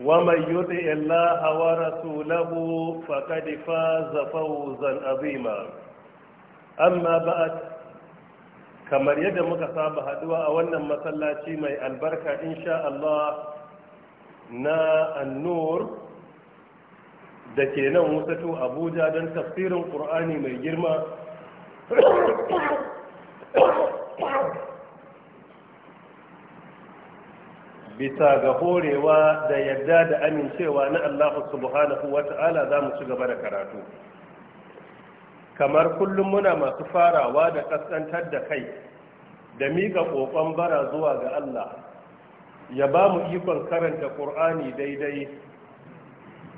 ومن يطع الله ورسوله فقد فاز فوزا عظيما أما بعد kamar yadda muka saba haɗuwa a wannan masallaci mai albarka insha Allah na annur da ke nan wusatu abuja don tafsirin ƙur'ani mai girma bisa ga horewa da yadda da amincewa na Allah subhanahu wata'ala za mu ci gaba da karatu kamar kullum muna masu farawa da kaskantar da kai da miƙa ƙoƙon bara zuwa ga Allah ya ba mu ikon karanta ƙur'ani daidai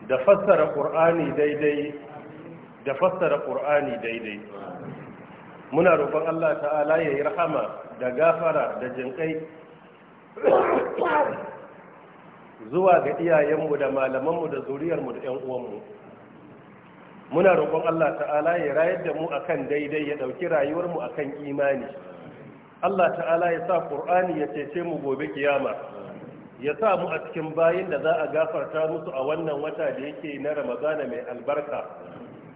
da fassara ƙur'ani daidai da fassara ƙur'ani daidai muna roƙon Allah ta'ala ya yi rahama da gafara da jinƙai zuwa ga iyayenmu da malamanmu da zuriyarmu da 'yan uwanmu muna roƙon Allah ta'ala ya rayar da mu akan daidai ya ɗauki rayuwarmu akan imani Allah ta'ala ya sa ƙur'ani ya cece mu gobe kiyama ya sa mu a cikin bayin da za a gafarta musu a wannan wata da yake na ramadana mai albarka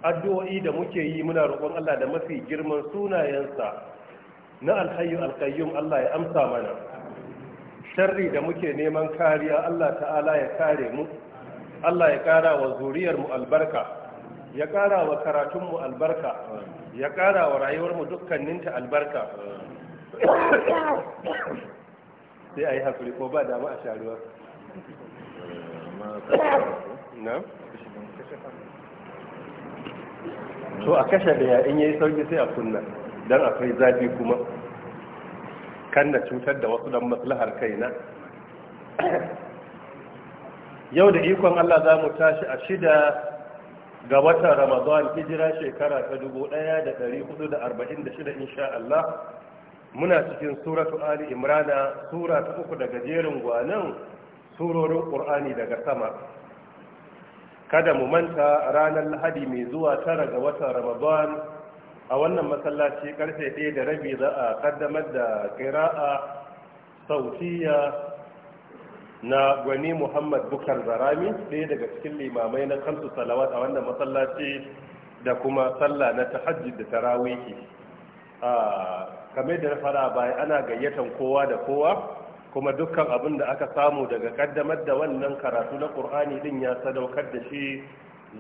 addu'o'i da muke yi muna roƙon Allah da mafi girman sunayensa na alhayyu alkayyum Allah ya amsa mana sharri da muke neman kariya Allah ta'ala ya kare mu Allah ya kara wa zuriyarmu albarka ya kara wa karatunmu albarka ya kara wa rayuwarmu dukkaninta albarka sai a yi hakuri ko ba dama a sharuwa na? to a kashe da ya in yayi sauki sai a kunna don akwai zafi kuma kan cutar da wasu dan maslahar kaina yau da ikon Allah za mu tashi a shida ga watan ramadan hijira shekara ta 1446 insha Allah muna cikin suratu ali imrana sura ta uku daga jerin gwanan surorin ƙur'ani daga sama kada mu manta ranar lahadi mai zuwa tara ga watan ramadan a wannan masallaci karfe ɗaya da rabi za a kaddamar da kira'a sautiya na gwani muhammad bukar zarami ɗaya daga cikin limamai na kamsu salawat a wannan masallaci da kuma sallah na tahajjud da Ra'wiki. kamar da na fara baya ana gayyatan kowa da kowa kuma dukkan abin da aka samu daga kaddamar da wannan karatu na ƙur'ani din ya sadaukar da shi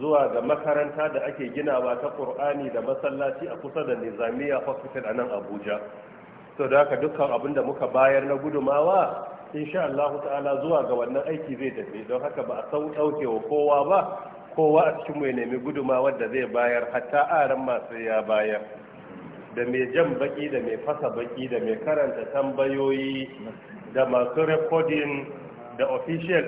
zuwa ga makaranta da ake ginawa ta ƙur'ani da masallaci a kusa da nizamiya hospital a nan abuja so da haka dukkan abin da muka bayar na gudumawa insha Allah ta'ala zuwa ga wannan aiki zai tafi don haka ba a sau ɗauke wa kowa ba kowa a cikin mai nemi gudumawar da zai bayar hatta aran masu ya bayar da mai jan baki da mai fasa baki da mai karanta tambayoyi da masu rekodin da official